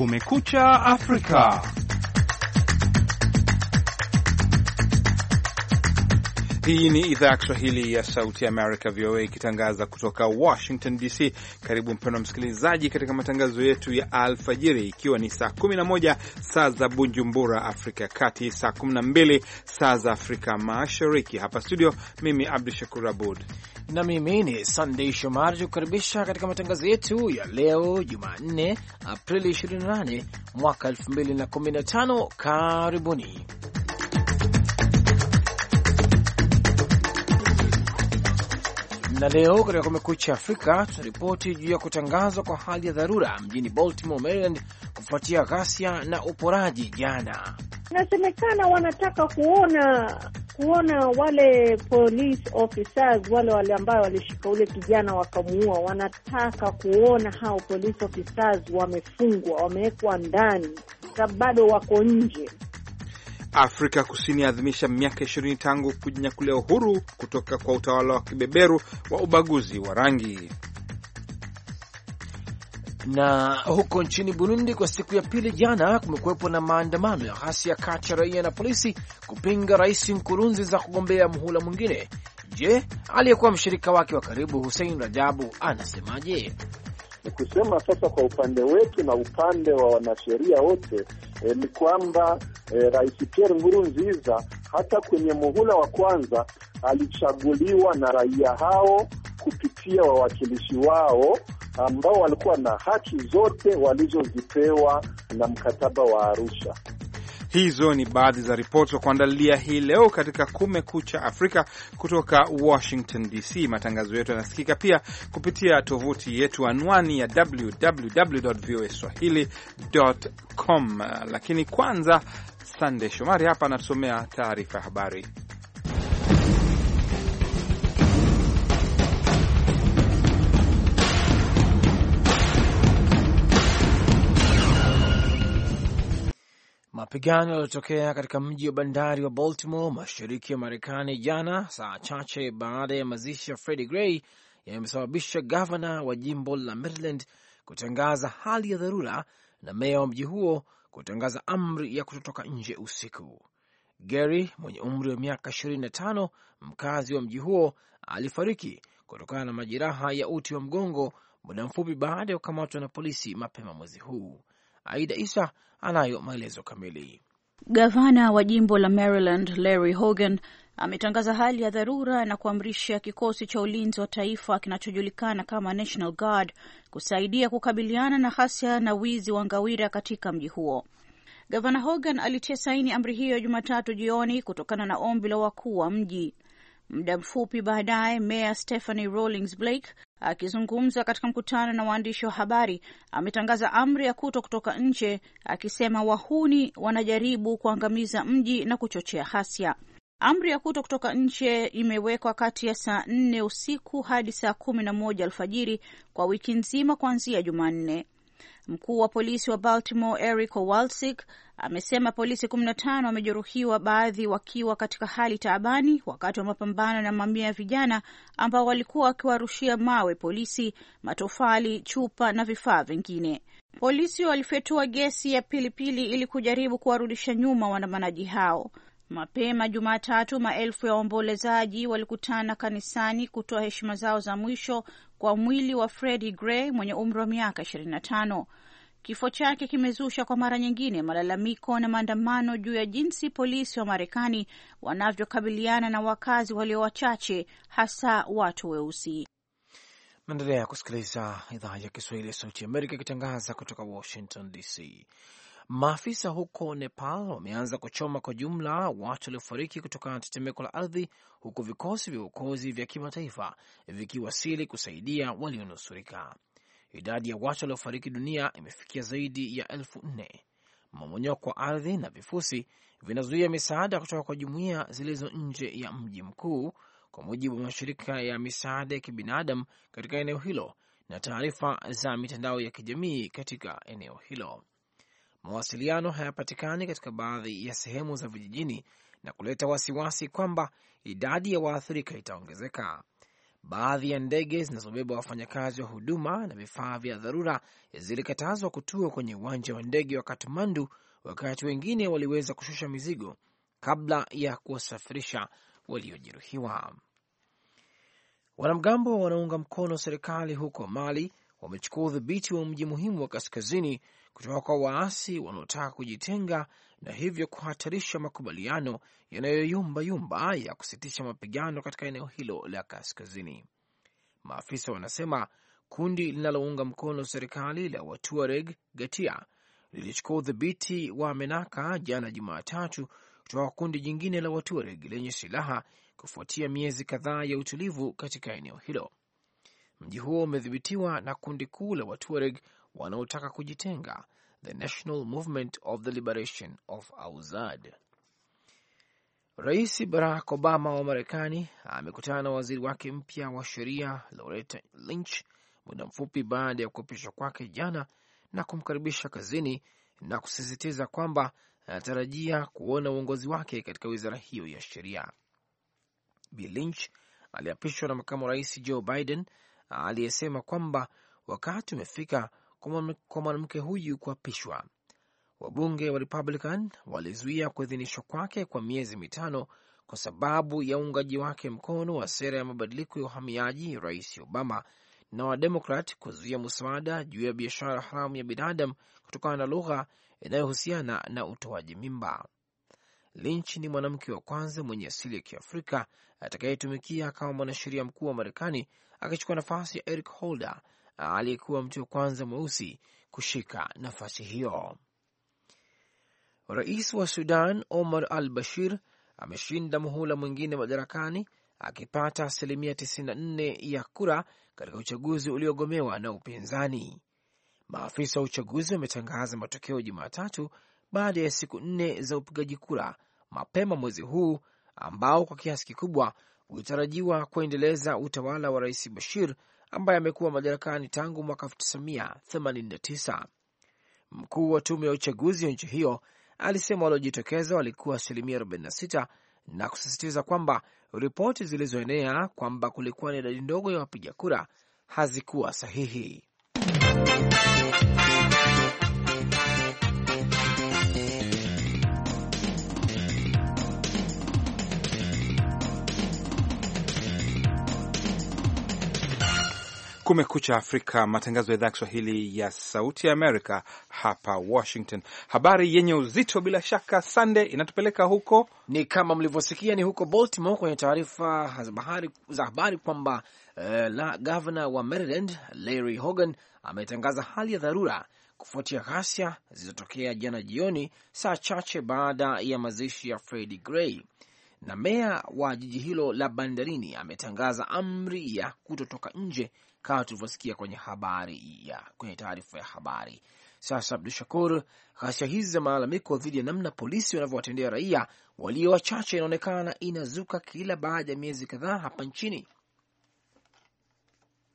Kumekucha Afrika. Hii ni idhaa ya Kiswahili ya Sauti Amerika, VOA, ikitangaza kutoka Washington DC. Karibu mpendwa msikilizaji, katika matangazo yetu ya alfajiri, ikiwa ni saa 11 saa za Bujumbura, Afrika ya Kati, saa 12 saa za Afrika Mashariki. Hapa studio, mimi Abdu Shakur Abud na mimi ni sandey Shomari tukukaribisha katika matangazo yetu ya leo Jumanne, Aprili 28 mwaka 2015. Karibuni na leo katika Kumekucha Afrika tunaripoti juu ya kutangazwa kwa hali ya dharura mjini Baltimore, Maryland, kufuatia ghasia na uporaji jana. Inasemekana wanataka kuona kuona wale police officers wale wale ambao walishika ule kijana wakamuua, wanataka kuona hao police officers wamefungwa, wamewekwa ndani, bado wako nje. Afrika Kusini yaadhimisha miaka ishirini tangu kujinyakulia uhuru kutoka kwa utawala wa kibeberu wa ubaguzi wa rangi. Na huko nchini Burundi, kwa siku ya pili jana kumekuwepo na maandamano ya ghasia kati ya raia na polisi kupinga Rais Nkurunziza kugombea muhula mwingine. Je, aliyekuwa mshirika wake wa karibu Hussein Rajabu anasemaje? Kusema sasa kwa upande wetu na upande wa wanasheria wote e, ni kwamba e, Rais Pierre Nkurunziza hata kwenye muhula wa kwanza alichaguliwa na raia hao kupitia wawakilishi wao ambao walikuwa na haki zote walizozipewa na mkataba wa Arusha. Hizo ni baadhi za ripoti za kuandalia hii leo katika Kumekucha Afrika kutoka Washington DC. Matangazo yetu yanasikika pia kupitia tovuti yetu, anwani ya www voa swahili.com. Lakini kwanza, Sandey Shomari hapa anatusomea taarifa ya habari. Mapigano yaliyotokea katika mji wa bandari wa Baltimore mashariki ya Marekani jana, saa chache baada ya mazishi ya Freddie Gray, yamesababisha gavana wa jimbo la Maryland kutangaza hali ya dharura na meya wa mji huo kutangaza amri ya kutotoka nje usiku. Gary mwenye umri wa miaka 25, mkazi wa mji huo, alifariki kutokana na majeraha ya uti wa mgongo muda mfupi baada ya kukamatwa na polisi mapema mwezi huu. Aida Isa anayo maelezo kamili. Gavana wa jimbo la Maryland Larry Hogan ametangaza hali ya dharura na kuamrisha kikosi cha ulinzi wa taifa kinachojulikana kama National Guard kusaidia kukabiliana na ghasia na wizi wa ngawira katika mji huo. Gavana Hogan alitia saini amri hiyo Jumatatu jioni kutokana na ombi la wakuu wa mji. Muda mfupi baadaye, meya Stephanie Rawlings Blake Akizungumza katika mkutano na waandishi wa habari, ametangaza amri ya kuto kutoka nje, akisema wahuni wanajaribu kuangamiza mji na kuchochea ghasia. Amri ya kuto kutoka nje imewekwa kati ya saa nne usiku hadi saa kumi na moja alfajiri kwa wiki nzima kuanzia Jumanne. Mkuu wa polisi wa Baltimore Eric Owalsik amesema polisi 15 wamejeruhiwa, baadhi wakiwa katika hali taabani, wakati wa mapambano na mamia ya vijana ambao walikuwa wakiwarushia mawe polisi, matofali, chupa na vifaa vingine. Polisi walifyatua gesi ya pilipili ili kujaribu kuwarudisha nyuma waandamanaji hao. Mapema Jumatatu, maelfu ya waombolezaji walikutana kanisani kutoa heshima zao za mwisho kwa mwili wa Freddie Gray mwenye umri wa miaka tano Kifo chake kimezusha kwa mara nyingine malalamiko na maandamano juu ya jinsi polisi wa Marekani wanavyokabiliana na wakazi walio wachache, hasa watu weusi. Naendelea kusikiliza idhaa ya Kiswahili ya Sauti Amerika ikitangaza kutoka Washington DC. Maafisa huko Nepal wameanza kuchoma kwa jumla watu waliofariki kutokana na tetemeko la ardhi, huku vikosi vya uokozi vya kimataifa vikiwasili kusaidia walionusurika idadi ya watu waliofariki dunia imefikia zaidi ya elfu nne. Mmomonyoko wa ardhi na vifusi vinazuia misaada kutoka kwa jumuiya zilizo nje ya mji mkuu, kwa mujibu wa mashirika ya misaada ya kibinadamu katika eneo hilo na taarifa za mitandao ya kijamii katika eneo hilo. Mawasiliano hayapatikani katika baadhi ya sehemu za vijijini na kuleta wasiwasi kwamba idadi ya waathirika itaongezeka baadhi ya ndege zinazobeba wafanyakazi wa huduma na vifaa vya dharura zilikatazwa kutua kwenye uwanja wa ndege wa Katmandu, wakati wengine waliweza kushusha mizigo kabla ya kuwasafirisha waliojeruhiwa. Wanamgambo wanaunga mkono serikali huko Mali wamechukua udhibiti wa mji muhimu wa kaskazini kutoka kwa waasi wanaotaka kujitenga na hivyo kuhatarisha makubaliano yanayoyumbayumba ya kusitisha mapigano katika eneo hilo la kaskazini. Maafisa wanasema kundi linalounga mkono serikali la Watuareg Gatia lilichukua udhibiti wa Menaka jana Jumatatu kutoka kwa kundi jingine la Watuareg lenye silaha kufuatia miezi kadhaa ya utulivu katika eneo hilo. Mji huo umedhibitiwa na kundi kuu la Watuareg wanaotaka kujitenga the National Movement of the Liberation of Auzad. Rais Barack Obama wa Marekani amekutana na waziri wake mpya wa sheria Loretta Lynch muda mfupi baada ya kuapishwa kwake jana na kumkaribisha kazini na kusisitiza kwamba anatarajia kuona uongozi wake katika wizara hiyo ya sheria. Bi Lynch aliapishwa na makamu rais Joe Biden aliyesema kwamba wakati umefika kwa mwanamke huyu kuapishwa. Wabunge wa Republican walizuia kuidhinishwa kwake kwa miezi mitano kwa sababu ya uungaji wake mkono wa sera ya mabadiliko ya uhamiaji Rais Obama na Wademokrat kuzuia muswada juu ya biashara haramu ya binadamu kutokana na lugha inayohusiana na utoaji mimba. Lynch ni mwanamke wa kwanza mwenye asili ya Kiafrika atakayetumikia kama mwanasheria mkuu wa Marekani, akichukua nafasi ya Eric Holder aliyekuwa mtu wa kwanza mweusi kushika nafasi hiyo. Rais wa Sudan Omar al Bashir ameshinda muhula mwingine madarakani akipata asilimia 94 ya kura katika uchaguzi uliogomewa na upinzani. Maafisa wa uchaguzi wametangaza matokeo Jumatatu baada ya siku nne za upigaji kura mapema mwezi huu ambao kwa kiasi kikubwa ulitarajiwa kuendeleza utawala wa rais Bashir ambaye amekuwa madarakani tangu mwaka 1989. Mkuu wa tume ya uchaguzi wa nchi hiyo alisema waliojitokeza walikuwa asilimia 46 na kusisitiza kwamba ripoti zilizoenea kwamba kulikuwa na idadi ndogo ya wapiga kura hazikuwa sahihi. Kumekucha Afrika, matangazo ya idhaa ya Kiswahili ya Sauti ya Amerika hapa Washington. Habari yenye uzito bila shaka, Sande, inatupeleka huko, ni kama mlivyosikia, ni huko Baltimore kwenye taarifa za habari kwamba eh, la gavana wa Maryland Larry Hogan ametangaza hali ya dharura kufuatia ghasia zilizotokea jana jioni, saa chache baada ya mazishi ya fredi Gray na meya wa jiji hilo la bandarini ametangaza amri ya kutotoka nje kama tulivyosikia kwenye habari ya kwenye taarifa ya habari. Sasa Abdu Shakur, ghasia hizi za malalamiko dhidi ya namna polisi wanavyowatendea raia walio wachache inaonekana inazuka kila baada ya miezi kadhaa hapa nchini.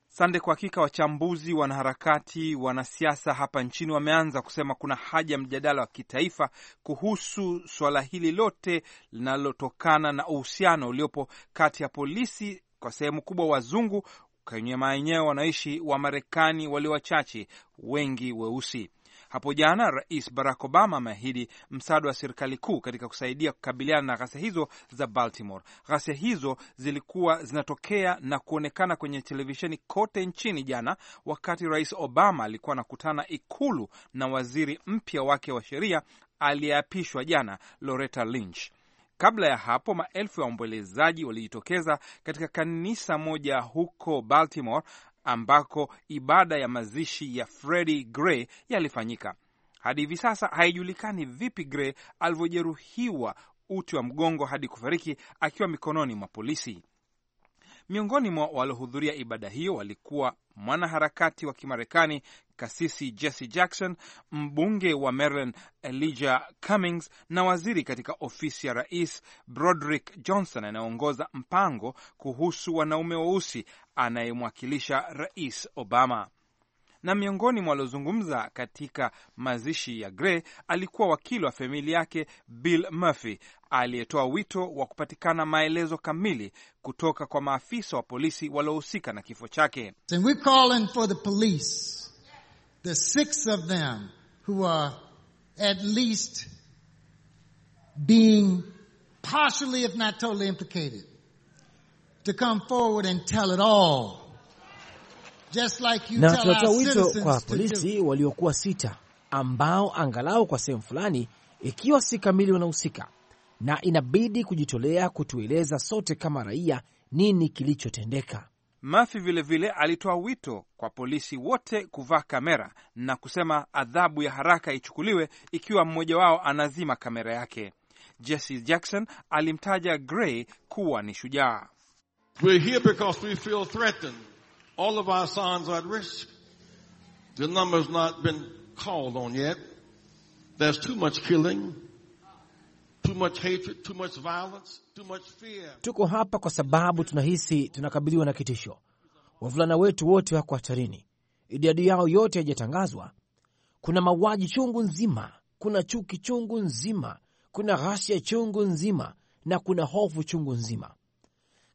Sande, kwa hakika wachambuzi, wanaharakati, wanasiasa hapa nchini wameanza kusema kuna haja ya mjadala wa kitaifa kuhusu suala hili lote linalotokana na uhusiano uliopo kati ya polisi kwa sehemu kubwa wazungu kwenye maeneo wanaishi wa marekani walio wachache, wengi weusi. Hapo jana Rais Barack Obama ameahidi msaada wa serikali kuu katika kusaidia kukabiliana na ghasia hizo za Baltimore. Ghasia hizo zilikuwa zinatokea na kuonekana kwenye televisheni kote nchini jana, wakati Rais Obama alikuwa anakutana Ikulu na waziri mpya wake wa sheria aliyeapishwa jana Loretta Lynch. Kabla ya hapo, maelfu ya waombolezaji walijitokeza katika kanisa moja huko Baltimore ambako ibada ya mazishi ya Freddie Gray yalifanyika. Hadi hivi sasa haijulikani vipi Gray alivyojeruhiwa uti wa mgongo hadi kufariki akiwa mikononi mwa polisi. Miongoni mwa waliohudhuria ibada hiyo walikuwa mwanaharakati wa Kimarekani kasisi Jesse Jackson, mbunge wa Maryland Elijah Cummings na waziri katika ofisi ya rais Broderick Johnson anayeongoza mpango kuhusu wanaume weusi anayemwakilisha Rais Obama na miongoni mwa waliozungumza katika mazishi ya Gray alikuwa wakili wa familia yake Bill Murphy aliyetoa wito wa kupatikana maelezo kamili kutoka kwa maafisa wa polisi waliohusika na kifo chake the six of them who are at least being partially, if not totally implicated, to come forward and tell it all. Just like you na tunatoa wito kwa polisi waliokuwa sita ambao angalau kwa sehemu fulani, ikiwa si kamili, wanahusika na inabidi kujitolea kutueleza sote kama raia nini kilichotendeka. Murphy vilevile alitoa wito kwa polisi wote kuvaa kamera na kusema adhabu ya haraka ichukuliwe ikiwa mmoja wao anazima kamera yake. Jesse Jackson alimtaja Gray kuwa ni shujaa. We're Too much hatred, too much violence, too much fear. Tuko hapa kwa sababu tunahisi tunakabiliwa na kitisho. Wavulana wetu wote wako hatarini, idadi yao yote haijatangazwa. Kuna mauaji chungu nzima, kuna chuki chungu nzima, kuna ghasia chungu nzima, na kuna hofu chungu nzima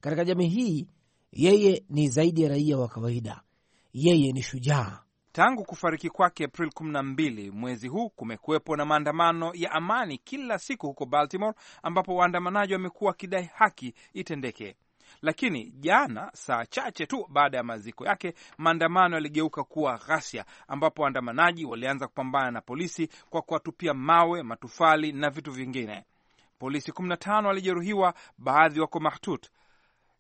katika jamii hii. Yeye ni zaidi ya raia wa kawaida, yeye ni shujaa. Tangu kufariki kwake April 12 mwezi huu, kumekuwepo na maandamano ya amani kila siku huko Baltimore, ambapo waandamanaji wamekuwa wakidai haki itendeke. Lakini jana, saa chache tu baada ya maziko yake, maandamano yaligeuka kuwa ghasia, ambapo waandamanaji walianza kupambana na polisi kwa kuwatupia mawe, matufali na vitu vingine. Polisi 15 walijeruhiwa, baadhi wako mahututi.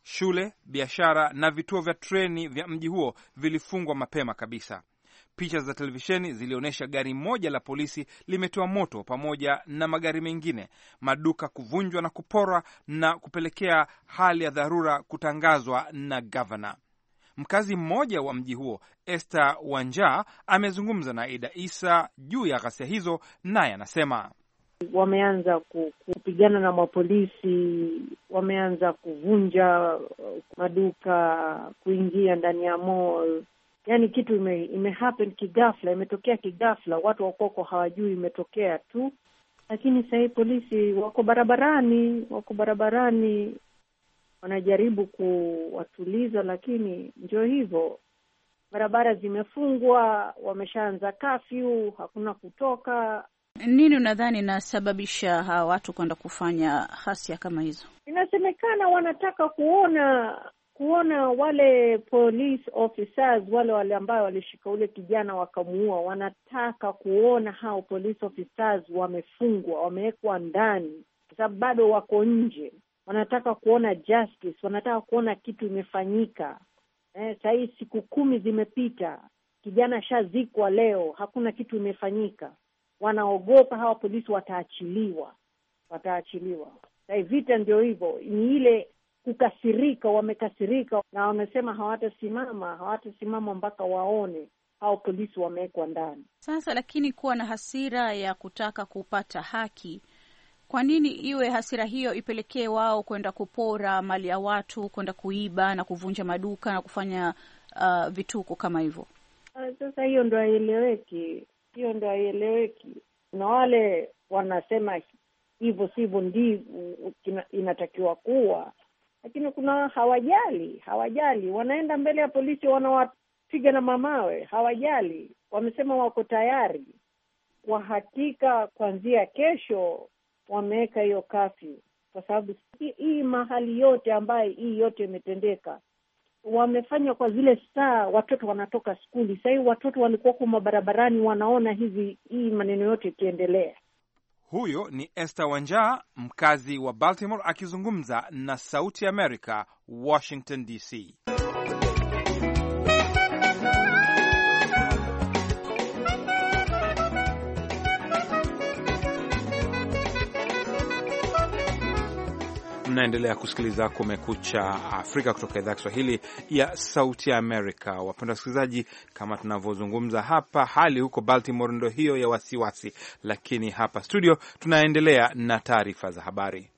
Shule, biashara na vituo vya treni vya mji huo vilifungwa mapema kabisa. Picha za televisheni zilionyesha gari moja la polisi limetoa moto pamoja na magari mengine, maduka kuvunjwa na kuporwa na kupelekea hali ya dharura kutangazwa na gavana. Mkazi mmoja wa mji huo Esther Wanja amezungumza na Aida Isa juu ya ghasia hizo, naye anasema wameanza kupigana na mapolisi, wameanza kuvunja uh, maduka, kuingia ndani ya mall yani kitu ime, ime happen kigafla, imetokea kigafla, watu wakoko hawajui imetokea tu, lakini sahi polisi wako barabarani, wako barabarani wanajaribu kuwatuliza, lakini ndio hivyo, barabara zimefungwa, wameshaanza kafyu, hakuna kutoka. Nini unadhani inasababisha hawa watu kwenda kufanya hasia kama hizo? Inasemekana wanataka kuona kuona wale police officers wale wale ambao walishika ule kijana wakamuua, wanataka kuona hao police officers wamefungwa, wamewekwa ndani, kwa sababu bado wako nje. Wanataka kuona justice, wanataka kuona kitu imefanyika. Eh, sahii hii siku kumi zimepita, kijana shazikwa leo, hakuna kitu imefanyika. Wanaogopa hawa polisi wataachiliwa, wataachiliwa. Saa vita ndio hivyo, ni ile kukasirika, wamekasirika na wamesema hawatasimama, hawatasimama mpaka waone hao polisi wamewekwa ndani. Sasa lakini kuwa na hasira ya kutaka kupata haki kwa nini iwe hasira hiyo ipelekee wao kwenda kupora mali ya watu, kwenda kuiba na kuvunja maduka na kufanya uh, vituko kama hivyo? Ah, sasa hiyo ndo haieleweki, hiyo ndo haieleweki. Na wale wanasema hivyo sivyo, ndivyo inatakiwa kuwa, lakini kuna hawajali, hawajali, wanaenda mbele ya polisi wanawapiga na mamawe, hawajali. Wamesema wako tayari kwa hakika, kuanzia kesho wameweka hiyo kafyu, kwa sababu hii mahali yote ambayo hii yote imetendeka wamefanya kwa zile saa watoto wanatoka skuli. Sahii watoto walikuwako mabarabarani, wanaona hivi hii maneno yote ikiendelea. Huyo ni Esther Wanja, mkazi wa Baltimore, akizungumza na Sauti America, Washington DC. Mnaendelea kusikiliza Kumekucha Afrika kutoka idhaa ya Kiswahili ya Sauti ya Amerika. Wapenda wasikilizaji, kama tunavyozungumza hapa, hali huko Baltimore ndo hiyo ya wasiwasi, lakini hapa studio tunaendelea na taarifa za habari.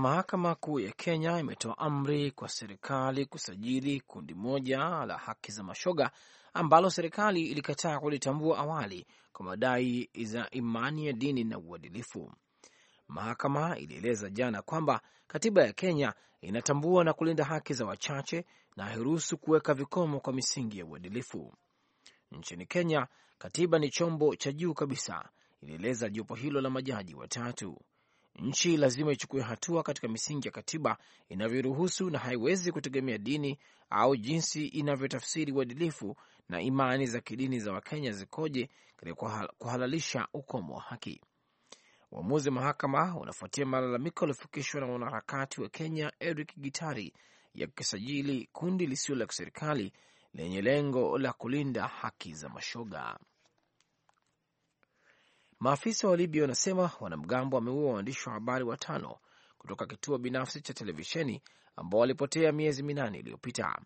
Mahakama Kuu ya Kenya imetoa amri kwa serikali kusajili kundi moja la haki za mashoga ambalo serikali ilikataa kulitambua awali kwa madai za imani ya dini na uadilifu. Mahakama ilieleza jana kwamba katiba ya Kenya inatambua na kulinda haki za wachache na hairuhusu kuweka vikomo kwa misingi ya uadilifu. Nchini Kenya, katiba ni chombo cha juu kabisa, ilieleza jopo hilo la majaji watatu. Nchi lazima ichukue hatua katika misingi ya katiba inavyoruhusu na haiwezi kutegemea dini au jinsi inavyotafsiri uadilifu na imani za kidini za Wakenya zikoje katika kuhalalisha ukomo wa haki. Uamuzi wa mahakama unafuatia malalamiko yaliofikishwa na mwanaharakati wa Kenya Eric Gitari ya kisajili kundi lisilo la kiserikali lenye lengo la kulinda haki za mashoga. Maafisa wa Libya wanasema wanamgambo wameua waandishi wa habari watano kutoka kituo binafsi cha televisheni ambao walipotea miezi minane iliyopita.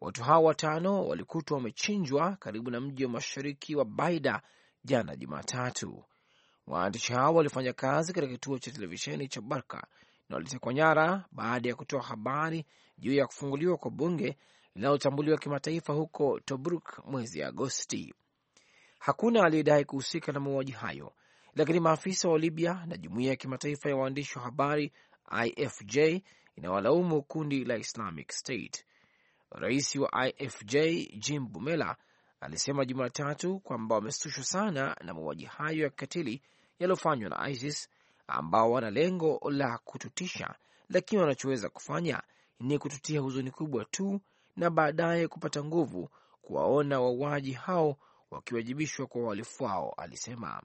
Watu hao watano walikutwa wamechinjwa karibu na mji wa mashariki wa Baida jana Jumatatu. Waandishi hao walifanya kazi katika kituo cha televisheni cha Barka na walitekwa nyara baada ya kutoa habari juu ya kufunguliwa kwa bunge linalotambuliwa kimataifa huko Tobruk mwezi Agosti. Hakuna aliyedai kuhusika na mauaji hayo, lakini maafisa wa Libya na jumuiya ya kimataifa ya waandishi wa habari IFJ inawalaumu kundi la Islamic State. Rais wa IFJ Jim Bumela alisema Jumatatu kwamba wameshtushwa sana na mauaji hayo ya kikatili yaliyofanywa na ISIS ambao wana lengo la kututisha, lakini wanachoweza kufanya ni kututia huzuni kubwa tu na baadaye kupata nguvu kuwaona wauaji hao wakiwajibishwa kwa uhalifu wao, alisema.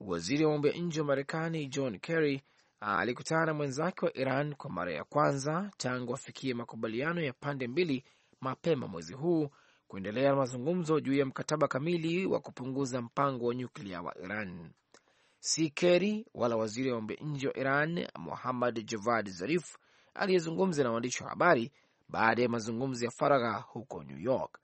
Waziri wa mambo ya nje wa Marekani John Kerry ah, alikutana na mwenzake wa Iran kwa mara ya kwanza tangu afikie makubaliano ya pande mbili mapema mwezi huu kuendelea na mazungumzo juu ya mkataba kamili wa kupunguza mpango wa nyuklia wa Iran. Si Kerry wala waziri wa mambo ya nje wa Iran Muhammad Javad Zarif aliyezungumza na waandishi wa habari baada ya mazungumzo ya faragha huko New York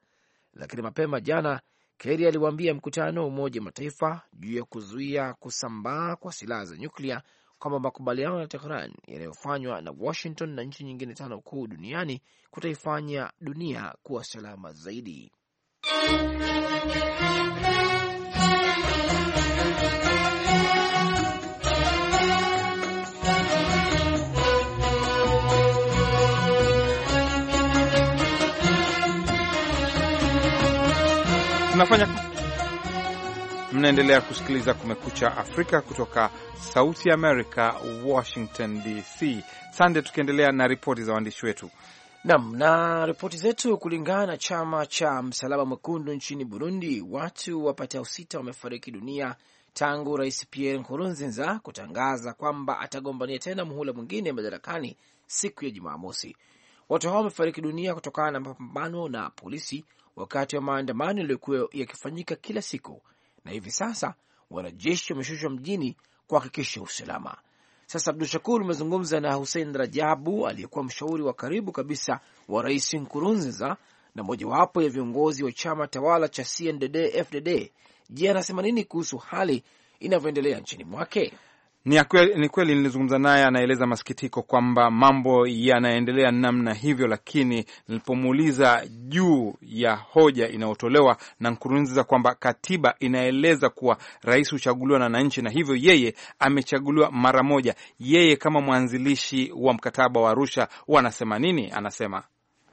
lakini mapema jana Kerry aliwaambia mkutano wa Umoja wa Mataifa juu ya kuzuia kusambaa kwa silaha za nyuklia kwamba makubaliano ya Tehran yanayofanywa na Washington na nchi nyingine tano kuu duniani kutaifanya dunia kuwa salama zaidi. tunafanya mnaendelea kusikiliza Kumekucha Afrika kutoka Sauti ya Amerika, Washington DC. Sande, tukiendelea na ripoti za waandishi wetu. Nam na ripoti zetu. Kulingana na chama cha Msalaba Mwekundu nchini Burundi, watu wapatao sita wamefariki dunia tangu Rais Pierre Nkurunziza kutangaza kwamba atagombania tena muhula mwingine madarakani siku ya jumaa mosi Watu hao wamefariki dunia kutokana na mapambano na polisi wakati wa maandamano yaliyokuwa yakifanyika kila siku, na hivi sasa wanajeshi wameshushwa mjini kuhakikisha usalama. Sasa Abdu Shakur, umezungumza na Hussein Rajabu aliyekuwa mshauri wa karibu kabisa wa Rais Nkurunziza na mojawapo ya viongozi wa chama tawala cha CNDD-FDD. Je, anasema nini kuhusu hali inavyoendelea nchini mwake? Ni kweli, ni kweli nilizungumza naye, anaeleza masikitiko kwamba mambo yanaendelea namna hivyo, lakini nilipomuuliza juu ya hoja inayotolewa na Nkurunziza kwamba katiba inaeleza kuwa rais huchaguliwa na wananchi, na hivyo yeye amechaguliwa mara moja, yeye kama mwanzilishi wa mkataba wa Arusha wanasema nini? Anasema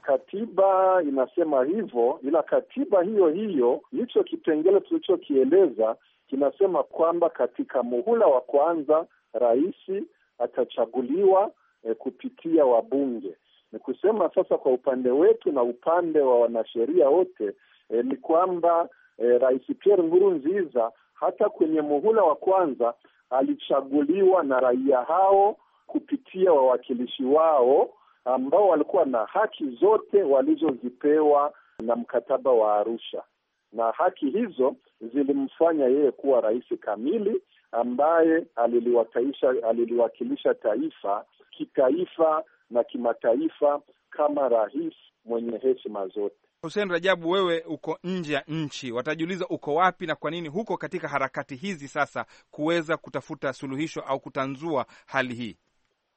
katiba inasema hivyo, ila katiba hiyo hiyo, hicho kipengele tulichokieleza kinasema kwamba katika muhula wa kwanza rais atachaguliwa e, kupitia wabunge. Ni kusema sasa kwa upande wetu na upande wa wanasheria wote e, ni kwamba e, rais Pierre Nkurunziza hata kwenye muhula wa kwanza alichaguliwa na raia hao kupitia wawakilishi wao ambao walikuwa na haki zote walizozipewa na mkataba wa Arusha, na haki hizo zilimfanya yeye kuwa rais kamili ambaye aliliwakilisha taifa kitaifa na kimataifa kama rais mwenye heshima zote. Hussein Rajabu, wewe uko nje ya nchi, watajiuliza uko wapi na kwa nini huko katika harakati hizi sasa kuweza kutafuta suluhisho au kutanzua hali hii?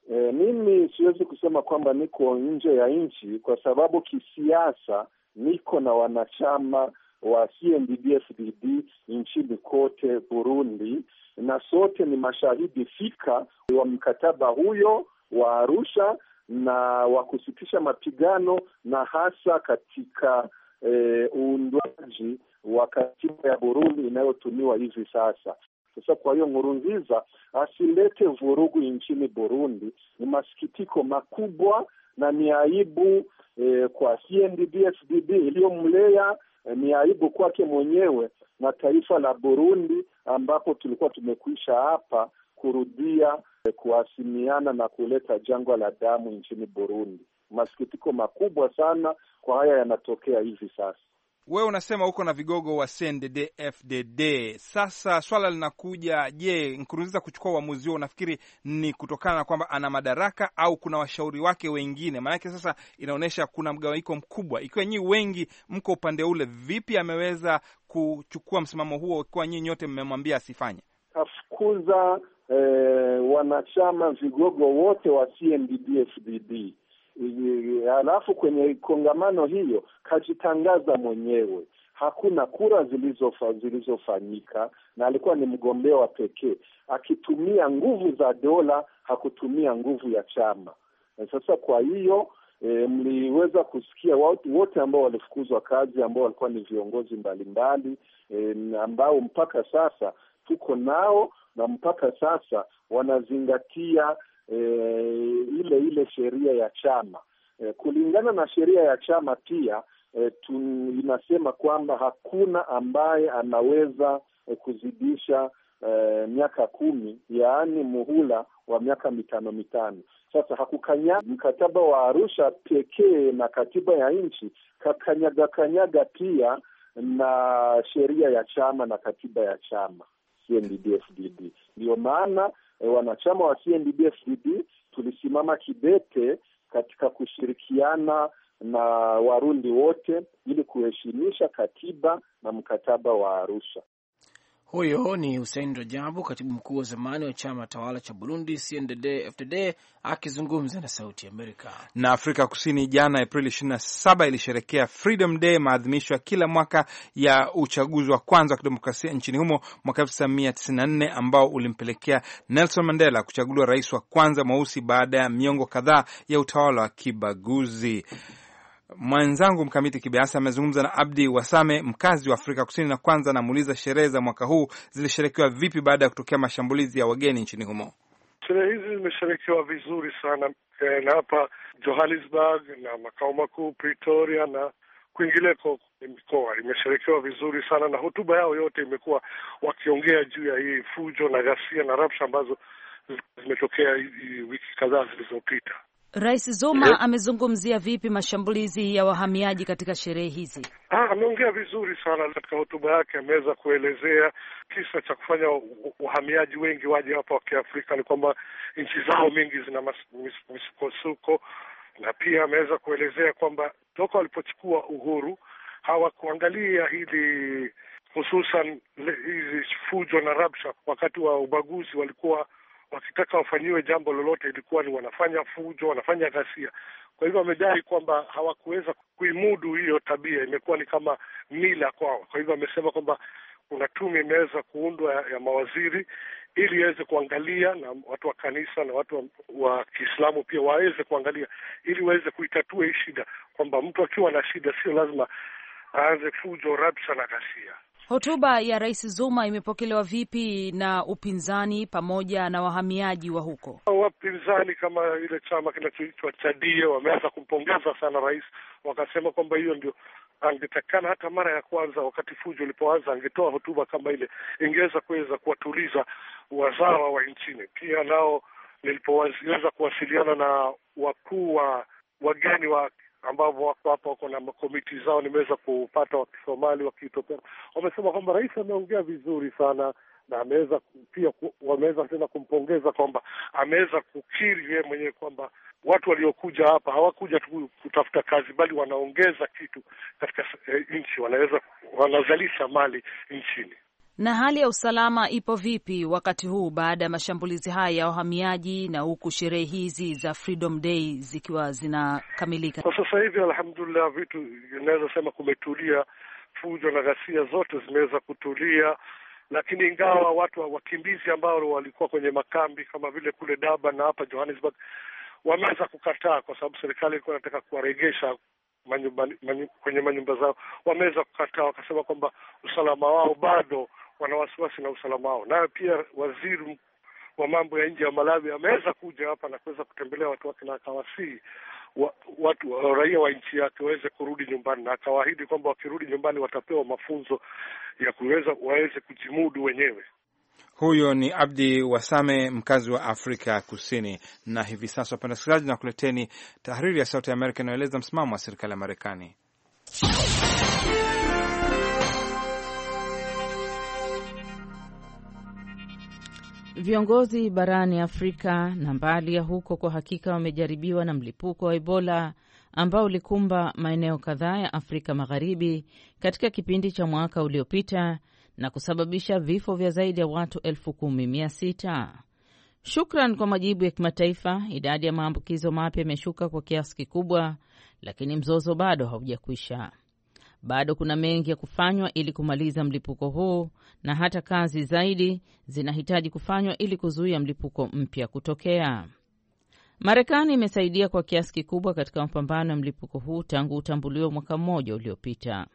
E, mimi siwezi kusema kwamba niko nje ya nchi kwa sababu kisiasa niko na wanachama wa CNDD-FDD nchini kote Burundi, na sote ni mashahidi fika wa mkataba huyo wa Arusha na wa kusitisha mapigano na hasa katika e, uundwaji wa katiba ya Burundi inayotumiwa hivi sasa. Sasa kwa hiyo Nkurunziza asilete vurugu nchini Burundi ni masikitiko makubwa na ni aibu e, kwa CNDD-FDD iliyomlea Eh, ni aibu kwake mwenyewe na taifa la Burundi, ambapo tulikuwa tumekwisha hapa kurudia eh, kuhasimiana na kuleta jangwa la damu nchini Burundi. Masikitiko makubwa sana kwa haya yanatokea hivi sasa. Wewe unasema uko na vigogo wa CNDD FDD. Sasa swala linakuja, je, Nkurunziza kuchukua uamuzi huo unafikiri ni kutokana na kwamba ana madaraka au kuna washauri wake wengine? Maanake sasa inaonyesha kuna mgawanyiko mkubwa. Ikiwa nyinyi wengi mko upande ule, vipi ameweza kuchukua msimamo huo ikiwa nyinyi nyote mmemwambia asifanye? Kafukuza eh, wanachama vigogo wote wa CNDD FDD halafu kwenye kongamano hiyo kajitangaza mwenyewe. Hakuna kura zilizofa, zilizofanyika na alikuwa ni mgombea wa pekee akitumia nguvu za dola, hakutumia nguvu ya chama. Na sasa kwa hiyo E, mliweza kusikia watu wote ambao walifukuzwa kazi ambao walikuwa ni viongozi mbalimbali e, ambao mpaka sasa tuko nao na mpaka sasa wanazingatia e, ile ile sheria ya chama e, kulingana na sheria ya chama pia e, tu, inasema kwamba hakuna ambaye anaweza e, kuzidisha e, miaka kumi, yaani muhula wa miaka mitano mitano. Sasa hakukanya mkataba wa Arusha pekee na katiba ya nchi, kakanyaga kanyaga pia na sheria ya chama na katiba ya chama CNDD-FDD. Ndiyo maana E, wanachama wa CNDD-FDD tulisimama kidete katika kushirikiana na Warundi wote ili kuheshimisha katiba na mkataba wa Arusha. Huyo ni Hussein Rajabu, katibu mkuu wa zamani wa chama tawala cha Burundi CNDD-FDD akizungumza na Sauti Amerika. Na Afrika Kusini jana Aprili 27 ilisherekea Freedom Day, maadhimisho ya kila mwaka ya uchaguzi wa kwanza wa kidemokrasia nchini humo mwaka 1994 ambao ulimpelekea Nelson Mandela kuchaguliwa rais wa kwanza mweusi baada ya miongo kadhaa ya utawala wa kibaguzi mwenzangu Mkamiti Kibayasi amezungumza na Abdi Wasame, mkazi wa Afrika Kusini, na kwanza anamuuliza sherehe za mwaka huu zilisherekewa vipi baada ya kutokea mashambulizi ya wageni nchini humo? Sherehe hizi zimesherekewa vizuri sana e, na hapa Johannesburg na makao makuu Pretoria na kwingineko mikoa imesherekewa vizuri sana, na hotuba yao yote imekuwa wakiongea juu ya hii fujo na ghasia na rabsha ambazo zimetokea wiki kadhaa zilizopita. Rais Zuma yeah, amezungumzia vipi mashambulizi ya wahamiaji katika sherehe hizi? Ah, ameongea vizuri sana katika hotuba yake, ameweza kuelezea kisa cha kufanya wahamiaji wengi waje hapa wa Kiafrika ni kwamba nchi zao mingi zina misukosuko, na pia ameweza kuelezea kwamba toka walipochukua uhuru hawakuangalia hili hususan hizi fujo na rabsha wakati wa ubaguzi, walikuwa wakitaka wafanyiwe jambo lolote, ilikuwa ni wanafanya fujo, wanafanya ghasia. Kwa hivyo wamedai kwamba hawakuweza kuimudu hiyo tabia, imekuwa ni kama mila kwao. Kwa hivyo wamesema kwamba kuna tume imeweza kuundwa ya, ya mawaziri ili iweze kuangalia na watu wa kanisa na watu wa, wa Kiislamu pia waweze kuangalia ili waweze kuitatua hii shida, kwamba mtu akiwa na shida sio lazima aanze fujo, rabsha na ghasia. Hotuba ya Rais Zuma imepokelewa vipi na upinzani pamoja na wahamiaji wa huko? Wapinzani kama ile chama kinachoitwa Chadia wameanza kumpongeza sana rais, wakasema kwamba hiyo ndio angetakana hata mara ya kwanza wakati fujo ulipoanza angetoa hotuba kama ile, ingeweza kuweza kuwatuliza wazawa wa nchini. Pia nao nilipoweza kuwasiliana na wakuu wa wageni wa ambao wako hapa, wako na makomiti zao, nimeweza kupata wakisomali wakiitopea, wamesema kwamba rais ameongea vizuri sana na ameweza pia ku, wameweza tena kumpongeza kwamba ameweza kukiri yeye mwenyewe kwamba watu waliokuja hapa hawakuja tu kutafuta kazi, bali wanaongeza kitu katika e, nchi, wanaweza wanazalisha mali nchini. Na hali ya usalama ipo vipi wakati huu baada ya mashambulizi haya ya wahamiaji na huku sherehe hizi za Freedom Day zikiwa zinakamilika? Kwa sasa hivi, alhamdulillah, vitu inaweza sema kumetulia, fujo na ghasia zote zimeweza kutulia, lakini ingawa watu wa wakimbizi ambao walikuwa kwenye makambi kama vile kule Durban na hapa Johannesburg wameweza kukataa, kwa sababu serikali ilikuwa inataka kuwaregesha manyumba, manyumba, kwenye manyumba zao. Wameweza kukataa wakasema kwamba usalama wao bado wana wasiwasi na usalama wao. Nayo pia waziri wa mambo ya nje ya Malawi ameweza kuja hapa na kuweza kutembelea watu wake na akawasihi wa, watu raia wa nchi yake waweze kurudi nyumbani, na akawaahidi kwamba wakirudi nyumbani watapewa mafunzo ya kuweza waweze kujimudu wenyewe. Huyo ni Abdi Wasame, mkazi wa Afrika Kusini. Na hivi sasa, wapenda sikilizaji, na kuleteni tahariri ya Sauti ya Amerika inayoeleza msimamo wa serikali ya Marekani. Viongozi barani Afrika na mbali ya huko kwa hakika wamejaribiwa na mlipuko wa Ebola ambao ulikumba maeneo kadhaa ya Afrika Magharibi katika kipindi cha mwaka uliopita na kusababisha vifo vya zaidi ya watu elfu kumi mia sita. Shukran kwa majibu ya kimataifa, idadi ya maambukizo mapya imeshuka kwa kiasi kikubwa, lakini mzozo bado haujakwisha. Bado kuna mengi ya kufanywa ili kumaliza mlipuko huu na hata kazi zaidi zinahitaji kufanywa ili kuzuia mlipuko mpya kutokea. Marekani imesaidia kwa kiasi kikubwa katika mapambano ya mlipuko huu tangu utambuliwa mwaka mmoja uliopita.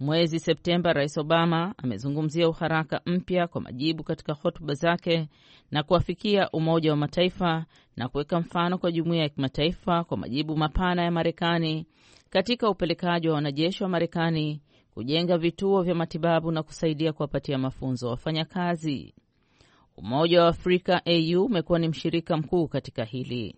Mwezi Septemba, Rais Obama amezungumzia uharaka mpya kwa majibu katika hotuba zake na kuwafikia Umoja wa Mataifa na kuweka mfano kwa jumuiya ya kimataifa kwa majibu mapana ya Marekani katika upelekaji wa wanajeshi wa Marekani kujenga vituo vya matibabu na kusaidia kuwapatia mafunzo wafanyakazi. Umoja wa Afrika AU umekuwa ni mshirika mkuu katika hili.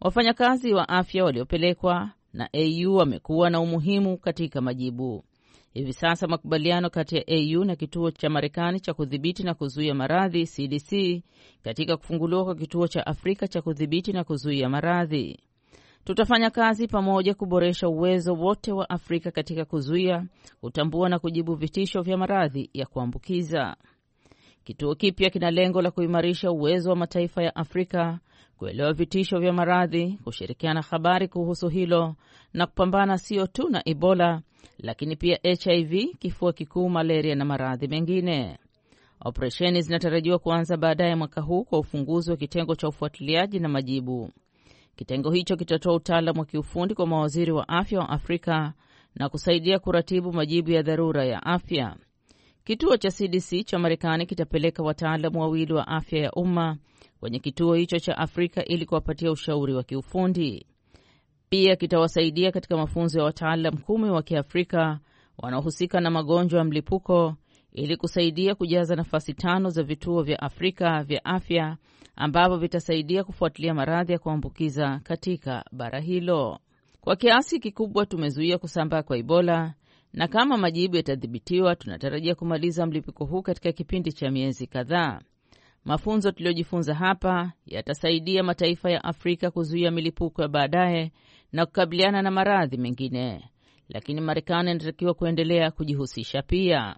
Wafanyakazi wa afya waliopelekwa na AU wamekuwa na umuhimu katika majibu. Hivi sasa makubaliano kati ya AU na kituo cha Marekani cha kudhibiti na kuzuia maradhi CDC katika kufunguliwa kwa kituo cha Afrika cha kudhibiti na kuzuia maradhi. Tutafanya kazi pamoja kuboresha uwezo wote wa Afrika katika kuzuia, kutambua na kujibu vitisho vya maradhi ya kuambukiza. Kituo kipya kina lengo la kuimarisha uwezo wa mataifa ya Afrika kuelewa vitisho vya maradhi, kushirikiana habari kuhusu hilo na kupambana sio tu na Ebola lakini pia HIV, kifua kikuu, malaria na maradhi mengine. Operesheni zinatarajiwa kuanza baadaye mwaka huu kwa ufunguzi wa kitengo cha ufuatiliaji na majibu. Kitengo hicho kitatoa utaalam wa kiufundi kwa mawaziri wa afya wa Afrika na kusaidia kuratibu majibu ya dharura ya afya. Kituo cha CDC cha Marekani kitapeleka wataalamu wawili wa afya ya umma kwenye kituo hicho cha Afrika ili kuwapatia ushauri wa kiufundi. Pia kitawasaidia katika mafunzo ya wataalam kumi wa Kiafrika wanaohusika na magonjwa ya mlipuko ili kusaidia kujaza nafasi tano za vituo vya Afrika vya afya ambavyo vitasaidia kufuatilia maradhi ya kuambukiza katika bara hilo. Kwa kiasi kikubwa tumezuia kusambaa kwa Ebola na kama majibu yatadhibitiwa, tunatarajia kumaliza mlipuko huu katika kipindi cha miezi kadhaa. Mafunzo tuliyojifunza hapa yatasaidia mataifa ya Afrika kuzuia milipuko ya baadaye na kukabiliana na maradhi mengine, lakini Marekani inatakiwa kuendelea kujihusisha pia.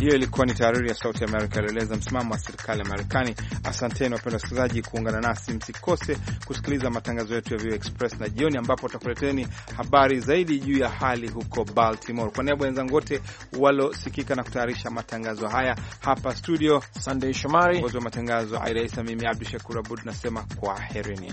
Hiyo ilikuwa ni tahariri ya Sauti Amerika ilieleza msimamo wa serikali ya Marekani. Asanteni wapenda wasikilizaji kuungana nasi, msikose kusikiliza matangazo yetu ya VOA Express na jioni, ambapo tutakuleteni habari zaidi juu ya hali huko Baltimore. Kwa niaba wenzangu wote walosikika na kutayarisha matangazo haya hapa studio, Sandei Shomari, ongozi wa matangazo Aida Isa, mimi Abdu Shakur Abud nasema kwa herini